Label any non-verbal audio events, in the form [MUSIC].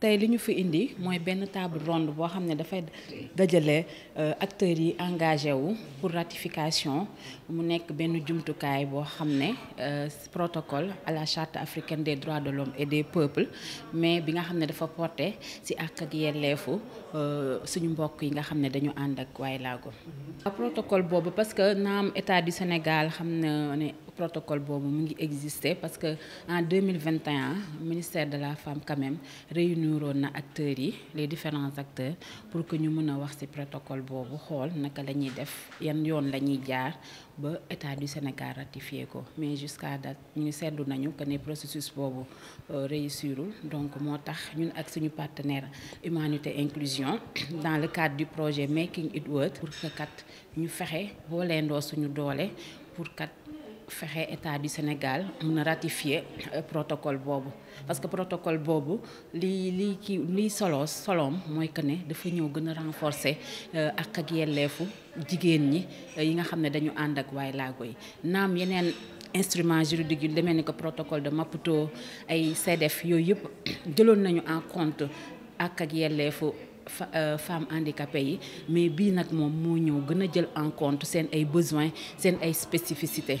tey li ñu fi indi mooy benn table ronde boo xam ne dafay dajale euh, acteurs yi engagé wu pour ratification mu nekk benn jumtukaay boo xam ne euh, protocole à la charte des droits de l'homme et des peuples mais bi nga xam ne dafa porté ci àq ak yelleefu euh, suñu mbokk yi nga xam ne dañu ànd ak waay mm-hmm. boobu parce que naam état du Sénégal xam na ne protocole boobu mu ngi exister parce que en 2021 ministère de la femme quand même réuniroon na acteurs yi les différents acteurs pour que ñu mën a wax ci protocole boobu xool naka la ñuy def yan yoon lañuy jaar ba état du Sénégal ratifié ko mais jusqu'à date ñu seetlu nañu que ne processus boobu euh, réussirul donc moo tax ñun ak suñu partenaire humanité inclusion [COUGHS] dans le cadre du projet Making It Work pour que kat ñu fexe booleendoo suñu doole pour kat fexe état du Sénégal mun a ratifier euh, protocole boobu parce que protocole boobu li li ki liy solo solom mooy que ne dafa ñëw gën a renforcer euh, ak ak yelleefu jigéen ñi euh, yi nga xam ne dañu ànd ak waaye laago yi naam yeneen instrument juridique yu demee ni ko protocole de Maputo ay CDF yooyu yëpp [CLEARS THROAT] jëloon nañu en compte ak ak yelleefu femmes handicapées yi mais bii nag moom moo ñëw gën a jël en compte seen ay besoins seen ay spécificités